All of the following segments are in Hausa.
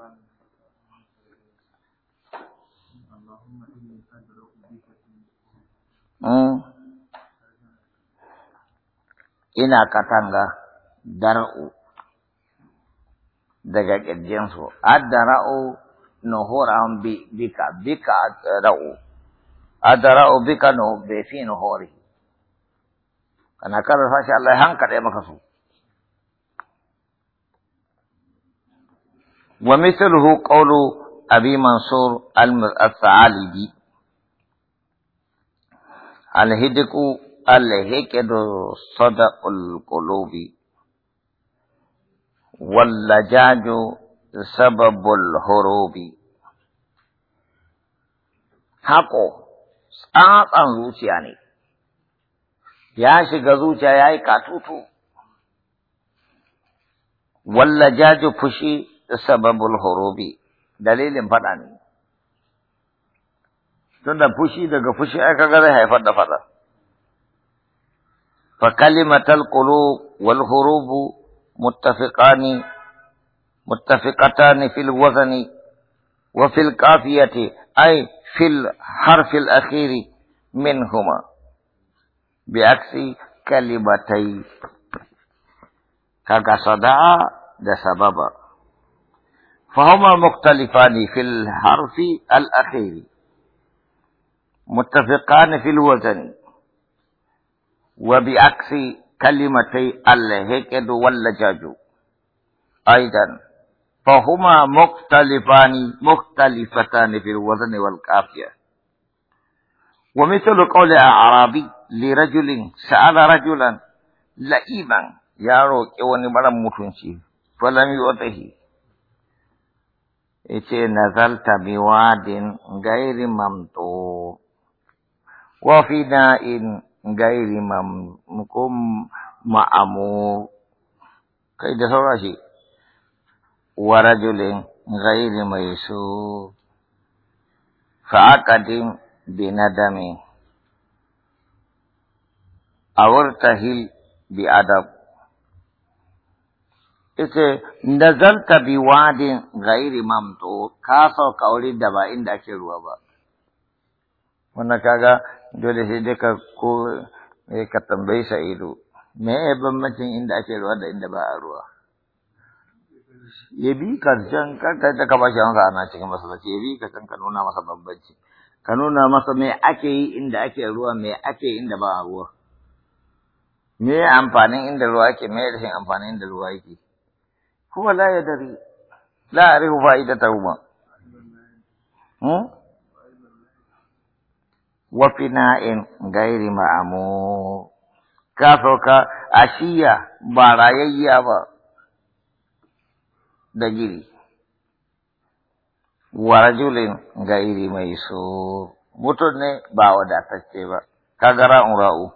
Ina katanga dar'u daga ƙirjinsu, addara'u nuhurahum bika, bika addara'u, ra'u bika bai fi nuhuri. Kana karar fashi Allah ya hankali maka su. ومثله قول أبي منصور الثعالبي الهدك الهكد صدق القلوب واللجاج سبب الهروب حقه tsatsan zuciya ne, ya shiga zuciya ya yi katutu, walla fushi سبب الهروب دليل فلاني تند فشي دغ فشي اكغد هي فد فد فكلمه القلوب والهروب متفقان متفقتان في الوزن وفي القافيه اي في الحرف الاخير منهما بعكس كلمتي كغصدا ده سببا فهما مختلفان في الحرف الأخير متفقان في الوزن وبعكس كلمتي الهكد واللجاج أيضا فهما مختلفان مختلفتان في الوزن والقافية ومثل قول أعرابي لرجل سأل رجلا لئيما يا روك ونمرا متنشي فلم يؤته ice nazalta biwadin gairi mamto wa fi da'in gairi mamkum ma'amu kai da saura shi wa rajulin gairi mai su fa'aqadin binadami awurtahil bi adab yace nazalta bi wadin gairi mamtu ka sauka wuri da ba inda ake ruwa ba wannan kaga dole sai dai ka ko eh, ka tambayi sa'idu me ya bambancin inda ake ruwa da inda ba a ruwa ya bi ka can ka ta ka bashi hansa ana cikin masallaci ya bi ka can ka nuna masa bambanci ka nuna masa me ake yi inda ake ruwa me ake inda ba a ruwa me amfanin inda ruwa yake me rashin amfanin inda ruwa yake Kuma layi da ɗari. La'aari ba'a ita ta uma. Wafi na'in, gairi ma'amu. Ka sauka a shi ba rayayya ba. Da giri. Wara julin, gairi mai so. Mutum ne ba waɗa sace ba. Ka gara unguwar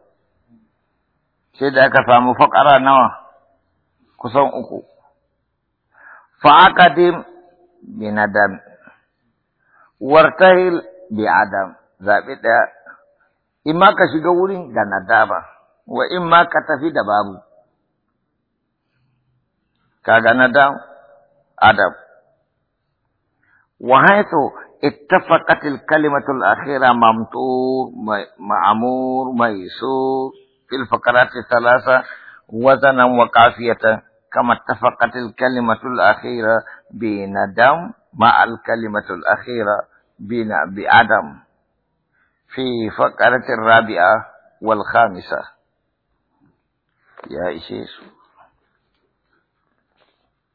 Sai da aka samu faƙara nawa? Kusan uku. فأقدم بندم وارتهل بعدم ذابت إما كشجور دندابة وإما كتفي دباب كغندم أدب وحيث اتفقت الكلمة الأخيرة ممطور معمور ميسور في الفقرات الثلاثة وزنا وقافية كما اتفقت الكلمة الأخيرة بين دم مع الكلمة الأخيرة بعدم في فقرة الرابعة والخامسة يا إشيسو